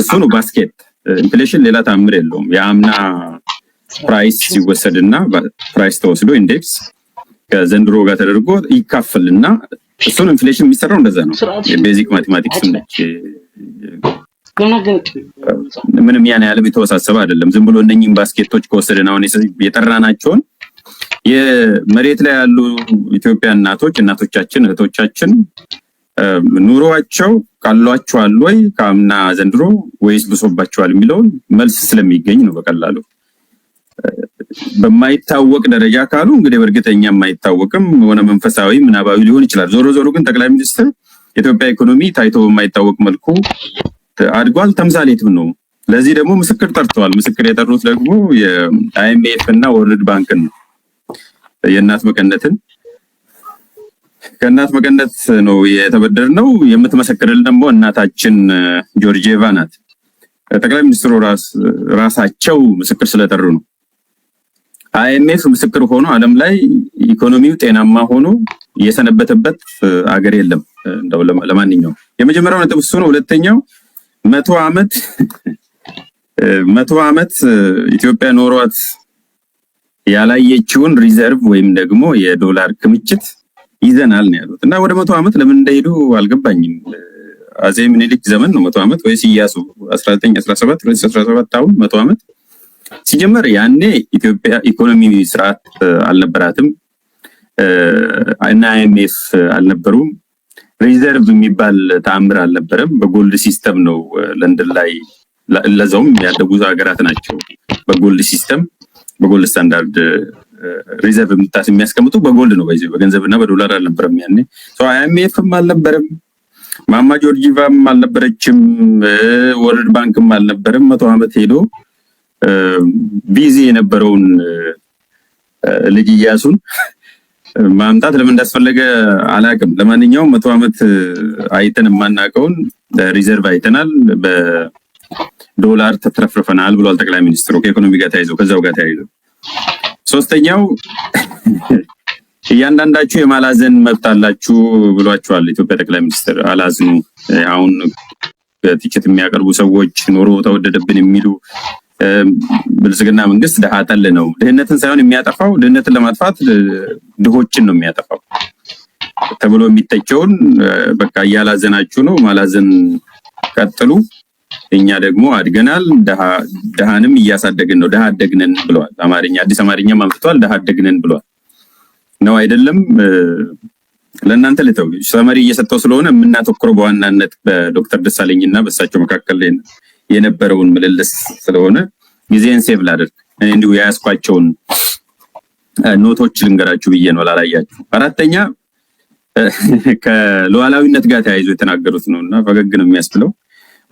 እሱ ነው ባስኬት ኢንፍሌሽን ሌላ ታምር የለውም። የአምና ፕራይስ ሲወሰድና ፕራይስ ተወስዶ ኢንዴክስ ከዘንድሮ ጋር ተደርጎ ይካፈልና እሱን ኢንፍሌሽን የሚሰራው እንደዛ ነው። የቤዚክ ማቴማቲክስ ነች። ምንም ያን ያለም የተወሳሰበ አይደለም። ዝም ብሎ እነኝም ባስኬቶች ከወሰድን አሁን የጠራናቸውን የመሬት ላይ ያሉ ኢትዮጵያ እናቶች እናቶቻችን እህቶቻችን ኑሯቸው ካሏቸዋል ወይ ከአምና ዘንድሮ ወይስ ብሶባቸዋል የሚለውን መልስ ስለሚገኝ ነው በቀላሉ በማይታወቅ ደረጃ ካሉ እንግዲህ በእርግጠኛ የማይታወቅም ሆነ መንፈሳዊ ምናባዊ ሊሆን ይችላል። ዞሮ ዞሮ ግን ጠቅላይ ሚኒስትር የኢትዮጵያ ኢኮኖሚ ታይቶ በማይታወቅ መልኩ አድጓል፣ ተምሳሌትም ነው። ለዚህ ደግሞ ምስክር ጠርተዋል። ምስክር የጠሩት ደግሞ የአይኤምኤፍ እና ወርልድ ባንክን ነው። የእናት መቀነትን ከእናት መቀነት ነው የተበደርነው። የምትመሰክርልን ደግሞ እናታችን ጆርጄቫ ናት። ጠቅላይ ሚኒስትሩ ራሳቸው ምስክር ስለጠሩ ነው። አይኤምኤፍ ምስክር ሆኖ ዓለም ላይ ኢኮኖሚው ጤናማ ሆኖ የሰነበተበት አገር የለም። እንደው ለማንኛውም የመጀመሪያው ነጥብ እሱ ነው። ሁለተኛው መቶ ዓመት መቶ ዓመት ኢትዮጵያ ኖሯት ያላየችውን ሪዘርቭ ወይም ደግሞ የዶላር ክምችት ይዘናል ነው ያሉት። እና ወደ መቶ ዓመት ለምን እንደሄዱ አልገባኝም። አጼ ምኒልክ ዘመን ነው መቶ ዓመት ወይስ እያሱ 1917 አሁን መቶ ዓመት ሲጀመር ያኔ ኢትዮጵያ ኢኮኖሚ ስርዓት አልነበራትም እና አይኤምኤፍ አልነበሩም። ሪዘርቭ የሚባል ተአምር አልነበረም። በጎልድ ሲስተም ነው ለንደን ላይ ለዛውም ያደጉ ሀገራት ናቸው በጎልድ ሲስተም በጎልድ ስታንዳርድ ሪዘርቭ የምታስ የሚያስቀምጡ በጎልድ ነው። በዚህ በገንዘብ እና በዶላር አልነበረም። ያኔ አይኤምኤፍም አልነበረም። ማማ ጆርጂቫም አልነበረችም። ወርልድ ባንክም አልነበረም። መቶ ዓመት ሄዶ ቢዚ የነበረውን ልጅ እያሱን ማምጣት ለምን እንዳስፈለገ አላቅም ለማንኛውም መቶ ዓመት አይተን የማናውቀውን ሪዘርቭ አይተናል። በዶላር ተትረፍርፈናል ብሏል ጠቅላይ ሚኒስትሩ ከኢኮኖሚ ጋር ተያይዘው ከዛው ጋር ተያይዘው ሶስተኛው እያንዳንዳችሁ የማላዘን መብት አላችሁ ብሏችኋል ኢትዮጵያ ጠቅላይ ሚኒስትር። አላዝኑ አሁን በትችት የሚያቀርቡ ሰዎች ኑሮ ተወደደብን የሚሉ ብልጽግና መንግስት ድሃ ጠል ነው። ድህነትን ሳይሆን የሚያጠፋው ድህነትን ለማጥፋት ድሆችን ነው የሚያጠፋው ተብሎ የሚተቸውን በቃ እያላዘናችሁ ነው። ማላዘን ቀጥሉ እኛ ደግሞ አድገናል፣ ድሃንም እያሳደግን ነው፣ ድሃ አደግንን ብሏል። አማርኛ አዲስ አማርኛ አምጥቷል፣ ድሃ አደግንን ብሏል ነው አይደለም? ለእናንተ ልተው ሰመሪ እየሰጠው ስለሆነ የምናተኩረው በዋናነት በዶክተር ደሳለኝና በእሳቸው መካከል የነበረውን ምልልስ ስለሆነ ጊዜን ሴቭ ላደርግ እኔ እንዲሁ የያዝኳቸውን ኖቶች ልንገራችሁ ብዬ ነው ላላያችሁ። አራተኛ ከሉዓላዊነት ጋር ተያይዞ የተናገሩት ነው እና ፈገግ ነው የሚያስብለው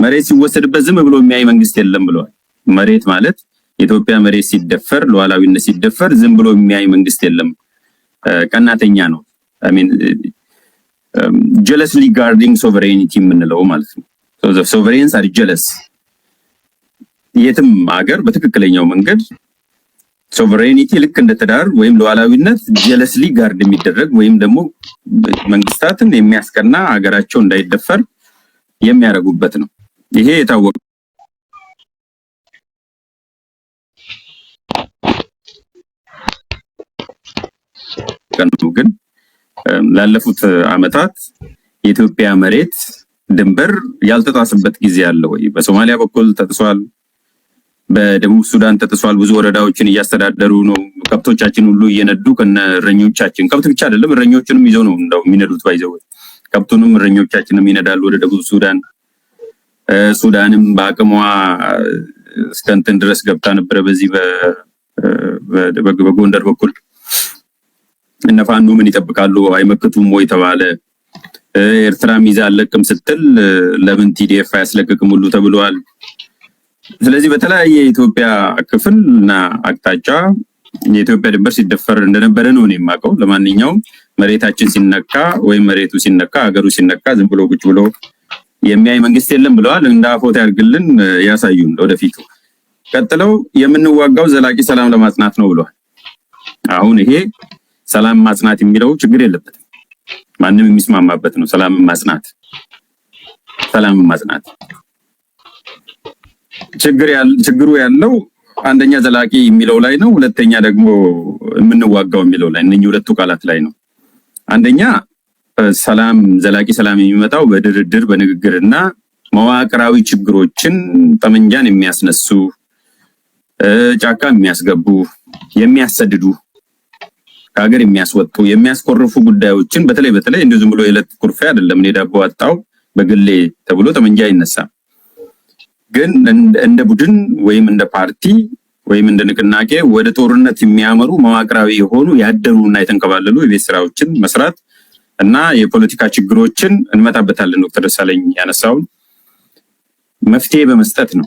መሬት ሲወሰድበት ዝም ብሎ የሚያይ መንግስት የለም ብለዋል። መሬት ማለት የኢትዮጵያ መሬት ሲደፈር፣ ሉዓላዊነት ሲደፈር ዝም ብሎ የሚያይ መንግስት የለም። ቀናተኛ ነው። ጀለስሊ ጋርዲንግ ሶቨሬኒቲ የምንለው ማለት ነው። ሶቨሬንስ አር ጀለስ የትም ሀገር በትክክለኛው መንገድ ሶቨሬኒቲ ልክ እንደ ትዳር ወይም ሉዓላዊነት ጀለስሊ ጋርድ የሚደረግ ወይም ደግሞ መንግስታትን የሚያስቀና ሀገራቸው እንዳይደፈር የሚያደርጉበት ነው። ይሄ የታወቀ ግን ላለፉት አመታት የኢትዮጵያ መሬት ድንበር ያልተጣሰበት ጊዜ አለ ወይ? በሶማሊያ በኩል ተጥሷል። በደቡብ ሱዳን ተጥሷል። ብዙ ወረዳዎችን እያስተዳደሩ ነው። ከብቶቻችን ሁሉ እየነዱ ከነ እረኞቻችን፣ ከብት ብቻ አይደለም እረኞችንም ይዘው ነው እንደው የሚነዱት። ባይዘው ከብቱንም እረኞቻችንም ይነዳሉ ወደ ደቡብ ሱዳን ሱዳንም በአቅሟ እስከ እንትን ድረስ ገብታ ነበረ። በዚህ በጎንደር በኩል እነፋኑ ምን ይጠብቃሉ አይመክቱም ወይ ተባለ። ኤርትራ ይዛ አለቅም ስትል ለምን ቲዲኤፍ አያስለቅቅም ሁሉ ተብሏል። ስለዚህ በተለያየ የኢትዮጵያ ክፍል እና አቅጣጫ የኢትዮጵያ ድንበር ሲደፈር እንደነበረ ነው እኔ የማውቀው። ለማንኛውም መሬታችን ሲነካ ወይም መሬቱ ሲነካ ሀገሩ ሲነካ ዝም ብሎ ቁጭ ብሎ የሚያይ መንግስት የለም ብለዋል። እንደ አፎት ያርግልን ያሳዩን ወደፊቱ። ቀጥለው የምንዋጋው ዘላቂ ሰላም ለማጽናት ነው ብለዋል። አሁን ይሄ ሰላም ማጽናት የሚለው ችግር የለበትም። ማንም የሚስማማበት ነው። ሰላም ማጽናት ሰላም ማጽናት ችግሩ ያለው አንደኛ ዘላቂ የሚለው ላይ ነው። ሁለተኛ ደግሞ የምንዋጋው የሚለው ላይ እነኚህ ሁለቱ ቃላት ላይ ነው። አንደኛ ሰላም ዘላቂ ሰላም የሚመጣው በድርድር በንግግርና መዋቅራዊ ችግሮችን ጠመንጃን የሚያስነሱ ጫካ የሚያስገቡ የሚያሰድዱ ከሀገር የሚያስወጡ የሚያስኮርፉ ጉዳዮችን በተለይ በተለይ እንደው ዝም ብሎ የዕለት ኩርፊያ አይደለም። እኔ ዳቦ አጣው በግሌ ተብሎ ጠመንጃ አይነሳም። ግን እንደ ቡድን ወይም እንደ ፓርቲ ወይም እንደ ንቅናቄ ወደ ጦርነት የሚያመሩ መዋቅራዊ የሆኑ ያደሩና የተንከባለሉ የቤት ስራዎችን መስራት እና የፖለቲካ ችግሮችን እንመጣበታለን። ዶክተር ደሳለኝ ያነሳውን መፍትሄ በመስጠት ነው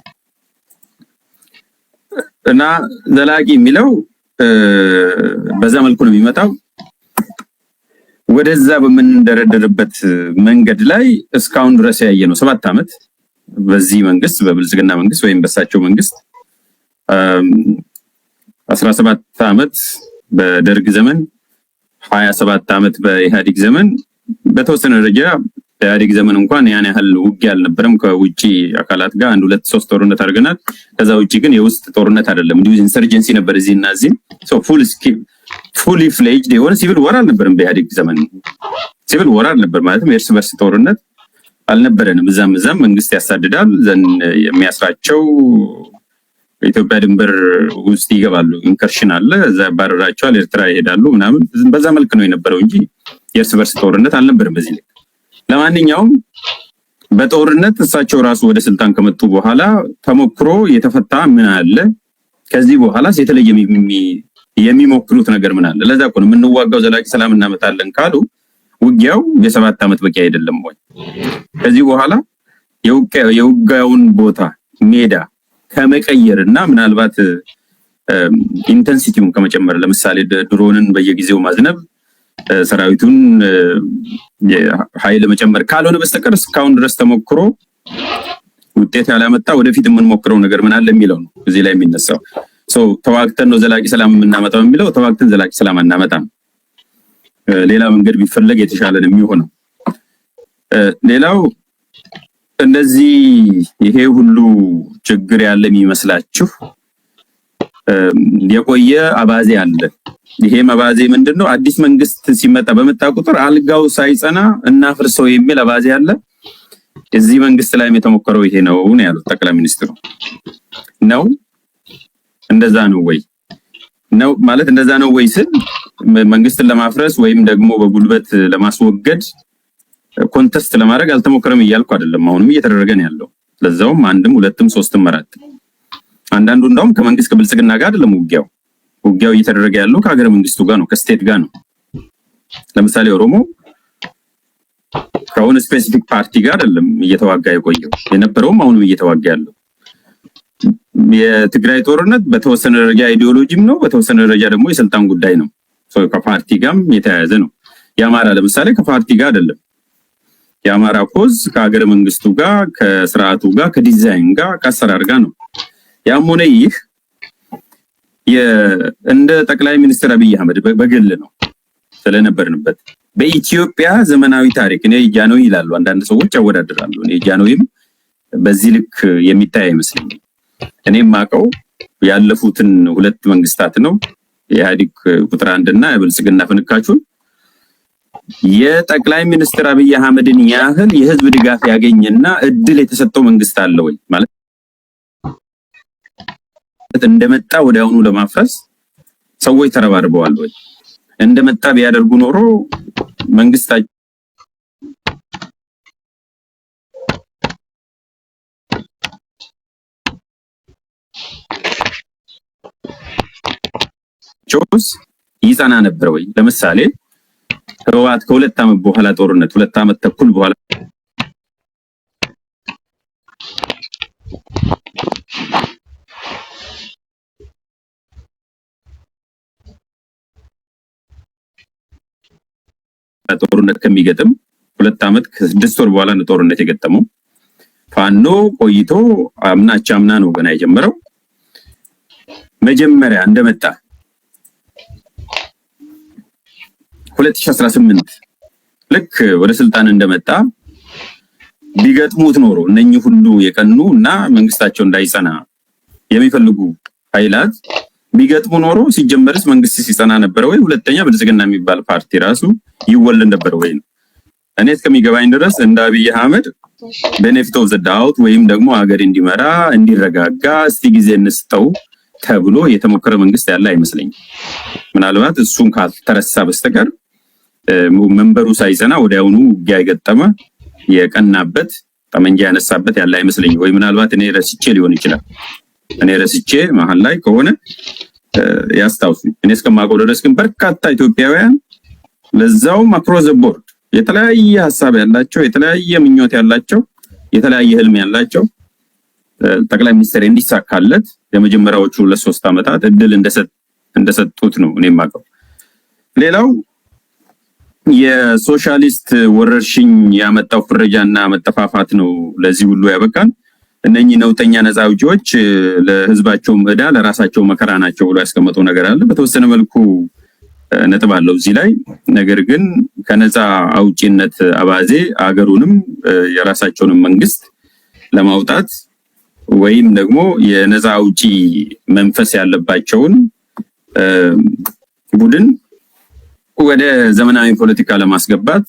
እና ዘላቂ የሚለው በዛ መልኩ ነው የሚመጣው። ወደዛ በምንደረደርበት መንገድ ላይ እስካሁን ድረስ ያየ ነው ሰባት ዓመት በዚህ መንግስት በብልጽግና መንግስት ወይም በሳቸው መንግስት አስራ ሰባት ዓመት በደርግ ዘመን ሀያ ሰባት ዓመት በኢህአዴግ ዘመን በተወሰነ ደረጃ በኢህአዴግ ዘመን እንኳን ያን ያህል ውጊ አልነበረም። ከውጭ አካላት ጋር አንድ ሁለት ሶስት ጦርነት አድርገናል። ከዛ ውጭ ግን የውስጥ ጦርነት አይደለም፣ እንዲሁ ኢንሰርጀንሲ ነበር እዚህ እና እዚህ። ፉሊ ፍሌጅድ የሆነ ሲቪል ወር አልነበርም በኢህአዴግ ዘመን። ሲቪል ወር አልነበር ማለትም የእርስ በርስ ጦርነት አልነበረንም። እዛም እዛም መንግስት ያሳድዳል ዘን የሚያስራቸው በኢትዮጵያ ድንበር ውስጥ ይገባሉ። ኢንከርሽን አለ፣ እዛ ያባረራቸዋል፣ ኤርትራ ይሄዳሉ ምናምን። በዛ መልክ ነው የነበረው እንጂ የእርስ በርስ ጦርነት አልነበርም በዚህ ልክ። ለማንኛውም በጦርነት እሳቸው ራሱ ወደ ስልጣን ከመጡ በኋላ ተሞክሮ የተፈታ ምን አለ? ከዚህ በኋላስ የተለየ የሚሞክሩት ነገር ምን አለ? ለዛ እኮ ነው የምንዋጋው ዘላቂ ሰላም እናመጣለን ካሉ ውጊያው የሰባት ዓመት በቂ አይደለም ወይ? ከዚህ በኋላ የውጊያውን ቦታ ሜዳ ከመቀየር እና ምናልባት ኢንተንሲቲውን ከመጨመር ለምሳሌ ድሮንን በየጊዜው ማዝነብ ሰራዊቱን ኃይል መጨመር ካልሆነ በስተቀር እስካሁን ድረስ ተሞክሮ ውጤት ያላመጣ ወደፊት የምንሞክረው ነገር ምን አለ የሚለው ነው እዚህ ላይ የሚነሳው። ተዋግተን ነው ዘላቂ ሰላም የምናመጣው የሚለው ተዋግተን ዘላቂ ሰላም አናመጣም። ሌላ መንገድ ቢፈለግ የተሻለን የሚሆነው ሌላው እንደዚህ ይሄ ሁሉ ችግር ያለ የሚመስላችሁ የቆየ አባዜ አለ። ይሄም አባዜ ምንድን ነው? አዲስ መንግስት ሲመጣ በመጣ ቁጥር አልጋው ሳይጸና እናፍርሰው የሚል አባዜ አለ። እዚህ መንግስት ላይም የተሞከረው ይሄ ነው ያሉት ጠቅላይ ሚኒስትሩ። ነው እንደዛ ነው ወይ ነው ማለት እንደዛ ነው ወይ ስል መንግስትን ለማፍረስ ወይም ደግሞ በጉልበት ለማስወገድ ኮንተስት ለማድረግ አልተሞከረም እያልኩ አይደለም። አሁንም እየተደረገ ነው ያለው። ለዛውም አንድም ሁለትም ሶስትም አራት። አንዳንዱ እንዳውም ከመንግስት ከብልጽግና ጋር አይደለም ውጊያው ውጊያው እየተደረገ ያለው ከሀገረ መንግስቱ ጋር ነው፣ ከስቴት ጋር ነው። ለምሳሌ ኦሮሞ ከአሁን ስፔሲፊክ ፓርቲ ጋር አይደለም እየተዋጋ የቆየው የነበረውም አሁንም እየተዋጋ ያለው የትግራይ ጦርነት በተወሰነ ደረጃ አይዲዮሎጂም ነው፣ በተወሰነ ደረጃ ደግሞ የስልጣን ጉዳይ ነው። ከፓርቲ ጋርም የተያያዘ ነው። የአማራ ለምሳሌ ከፓርቲ ጋር አይደለም የአማራ ኮዝ ከሀገረ መንግስቱ ጋር ከስርዓቱ ጋር ከዲዛይን ጋር ከአሰራር ጋር ነው። ያም ሆነ ይህ እንደ ጠቅላይ ሚኒስትር አብይ አህመድ በግል ነው ስለነበርንበት በኢትዮጵያ ዘመናዊ ታሪክ እኔ ጃኖ ይላሉ አንዳንድ ሰዎች ያወዳድራሉ። እኔ ጃኖይም በዚህ ልክ የሚታይ አይመስለኝም። እኔም ማቀው ያለፉትን ሁለት መንግስታት ነው የኢህአዴግ ቁጥር አንድና የብልጽግና ፍንካቹን የጠቅላይ ሚኒስትር አብይ አህመድን ያህል የህዝብ ድጋፍ ያገኝና እድል የተሰጠው መንግስት አለ ወይ ማለት እንደመጣ ወደ አሁኑ ለማፍረስ ሰዎች ተረባርበዋል ወይ? እንደመጣ ቢያደርጉ ኖሮ መንግስታቸው ይጸና ነበር ወይ? ለምሳሌ ህወሓት ከሁለት ዓመት በኋላ ጦርነት ሁለት ዓመት ተኩል በኋላ ጦርነት ከሚገጥም ሁለት ዓመት ከስድስት ወር በኋላ ነው ጦርነት የገጠመው። ፋኖ ቆይቶ አምናች አምና ነው ገና የጀመረው መጀመሪያ እንደመጣ 2018 ልክ ወደ ስልጣን እንደመጣ ቢገጥሙት ኖሮ እነኚህ ሁሉ የቀኑ እና መንግስታቸው እንዳይጸና የሚፈልጉ ኃይላት ቢገጥሙ ኖሮ ሲጀመርስ መንግስት ሲጸና ነበረ ወይ? ሁለተኛ ብልጽግና የሚባል ፓርቲ ራሱ ይወለድ ነበረ ወይ እኔ እስከሚገባኝ ድረስ እንደ አብይ አህመድ ቤኔፊት ኦፍ ዘ ዳውት ወይም ደግሞ ሀገር እንዲመራ እንዲረጋጋ እስቲ ጊዜ እንስጠው ተብሎ የተሞከረ መንግስት ያለ አይመስለኝም። ምናልባት እሱን ካልተረሳ በስተቀር መንበሩ ሳይዘና ወዲያውኑ ውጊያ የገጠመ የቀናበት ጠመንጃ ያነሳበት ያለ አይመስለኝ። ወይ ምናልባት እኔ ረስቼ ሊሆን ይችላል። እኔ ረስቼ መሀል ላይ ከሆነ ያስታውሱ እኔ እስከማውቀው ድረስ ግን በርካታ ኢትዮጵያውያን ለዛውም አክሮስ ቦርድ የተለያየ ሀሳብ ያላቸው የተለያየ ምኞት ያላቸው የተለያየ ህልም ያላቸው ጠቅላይ ሚኒስትር እንዲሳካለት የመጀመሪያዎቹ ሁለት ሶስት ዓመታት እድል እንደሰጡት ነው እኔ የማውቀው። ሌላው የሶሻሊስት ወረርሽኝ ያመጣው ፍረጃና መጠፋፋት ነው ለዚህ ሁሉ ያበቃን። እነኚህ ነውጠኛ ነፃ አውጪዎች ለህዝባቸውም እዳ ለራሳቸው መከራ ናቸው ብሎ ያስቀመጠው ነገር አለ። በተወሰነ መልኩ ነጥብ አለው እዚህ ላይ። ነገር ግን ከነፃ አውጪነት አባዜ አገሩንም የራሳቸውንም መንግስት ለማውጣት ወይም ደግሞ የነፃ አውጪ መንፈስ ያለባቸውን ቡድን ወደ ዘመናዊ ፖለቲካ ለማስገባት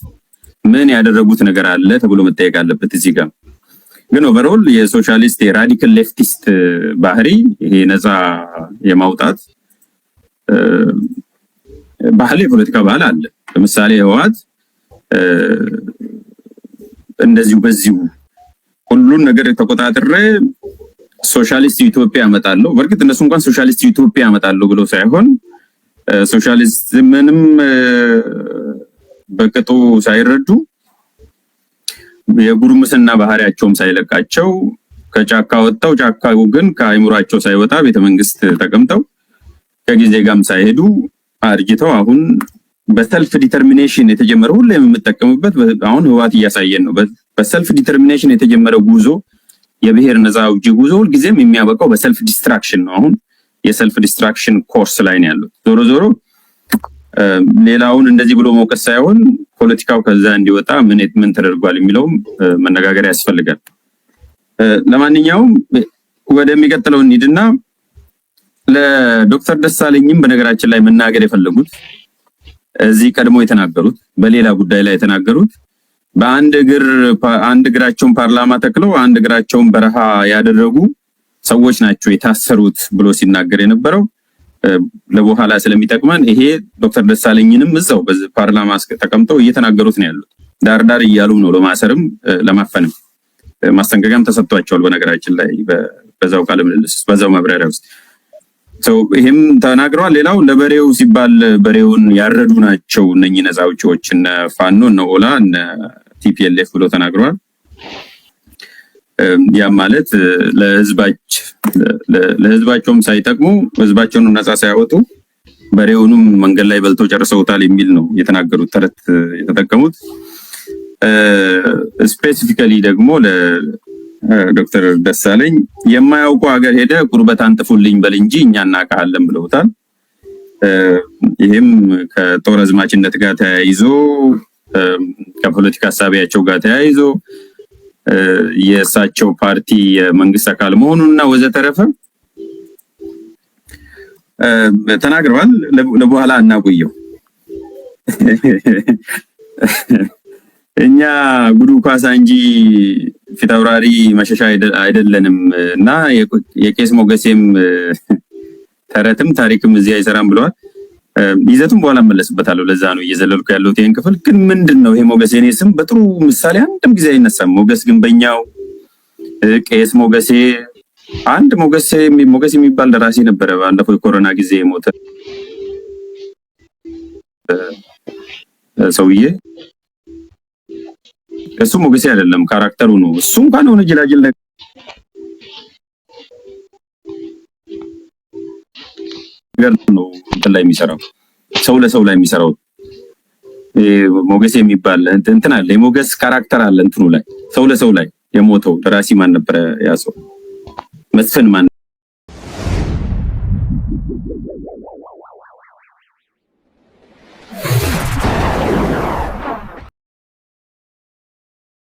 ምን ያደረጉት ነገር አለ ተብሎ መጠየቅ አለበት። እዚህ ጋር ግን ኦቨርኦል የሶሻሊስት የራዲካል ሌፍቲስት ባህሪ ይሄ ነፃ የማውጣት ባህል የፖለቲካ ባህል አለ። ለምሳሌ ህወሓት እንደዚሁ በዚሁ ሁሉን ነገር ተቆጣጥሬ ሶሻሊስት ኢትዮጵያ ያመጣለሁ። በእርግጥ እነሱ እንኳን ሶሻሊስት ኢትዮጵያ ያመጣለሁ ብሎ ሳይሆን ሶሻሊዝምንም በቅጡ ሳይረዱ የጉርምስና ባህሪያቸውም ሳይለቃቸው ከጫካ ወጥተው ጫካው ግን ከአይምሯቸው ሳይወጣ ቤተመንግስት ተቀምጠው ከጊዜ ጋም ሳይሄዱ አርጅተው አሁን በሰልፍ ዲተርሚኔሽን የተጀመረ ሁሉ የምንጠቀምበት አሁን ህወሓት እያሳየን ነው። በሰልፍ ዲተርሚኔሽን የተጀመረ ጉዞ የብሔር ነፃ አውጪ ጉዞ ሁልጊዜም የሚያበቃው በሰልፍ ዲስትራክሽን ነው። አሁን የሰልፍ ዲስትራክሽን ኮርስ ላይ ነው ያሉት። ዞሮ ዞሮ ሌላውን እንደዚህ ብሎ መውቀስ ሳይሆን ፖለቲካው ከዛ እንዲወጣ ምን ምን ተደርጓል የሚለውም መነጋገር ያስፈልጋል። ለማንኛውም ወደሚቀጥለው እንሂድና ለዶክተር ደሳለኝም በነገራችን ላይ መናገር የፈለጉት እዚህ ቀድሞ የተናገሩት በሌላ ጉዳይ ላይ የተናገሩት በአንድ እግር አንድ እግራቸውን ፓርላማ ተክለው አንድ እግራቸውን በረሃ ያደረጉ ሰዎች ናቸው የታሰሩት ብሎ ሲናገር የነበረው ለበኋላ ስለሚጠቅመን ይሄ ዶክተር ደሳለኝንም እዛው ፓርላማ ተቀምጠው እየተናገሩት ነው ያሉት። ዳርዳር እያሉ ነው ለማሰርም ለማፈንም ማስጠንቀቂያም ተሰጥቷቸዋል። በነገራችን ላይ በዛው ቃለ ምልልስ በዛው ውስጥ ይህም ተናግረዋል። ሌላው ለበሬው ሲባል በሬውን ያረዱ ናቸው እነኚህ ነፃ አውጪዎች፣ እነ ፋኖ፣ እነ ኦላ፣ እነ ቲፒኤልኤፍ ብሎ ተናግረዋል። ያ ማለት ለህዝባቸውም ሳይጠቅሙ ህዝባቸውንም ነጻ ሳያወጡ በሬውንም መንገድ ላይ በልተው ጨርሰውታል የሚል ነው የተናገሩት። ተረት የተጠቀሙት ስፔሲፊካሊ ደግሞ ለዶክተር ደሳለኝ የማያውቁ ሀገር ሄደ ጉርበት አንጥፉልኝ በል እንጂ እኛ እናቃለን ብለውታል። ይህም ከጦር አዝማችነት ጋር ተያይዞ ከፖለቲካ ሀሳቢያቸው ጋር ተያይዞ የእሳቸው ፓርቲ የመንግስት አካል መሆኑን እና ወዘተረፈ ተናግረዋል። ለበኋላ እናቆየው። እኛ ጉዱ ኳሳ እንጂ ፊታውራሪ መሸሻ አይደለንም እና የቄስ ሞገሴም ተረትም ታሪክም እዚህ አይሰራም ብለዋል። ይዘቱም በኋላ መለስበታለሁ። ለዛ ነው እየዘለልኩ ያለሁት ይህን ክፍል ግን ምንድን ነው ይሄ ሞገስ ኔ ስም በጥሩ ምሳሌ አንድም ጊዜ አይነሳም። ሞገስ ግንበኛው፣ ቄስ ሞገሴ አንድ ሞገስ የሚባል ደራሲ ነበረ። ባለፈው የኮሮና ጊዜ የሞተ ሰውዬ እሱ ሞገሴ አይደለም፣ ካራክተሩ ነው። እሱ እንኳን የሆነ ጅላጅል ነገር ነው እንትን ላይ የሚሰራው ሰው ለሰው ላይ የሚሰራው ሞገስ የሚባል እንትን አለ። የሞገስ ካራክተር አለ እንትኑ ላይ ሰው ለሰው ላይ የሞተው ደራሲ ማን ነበረ? ያ ሰው መስፍን ማን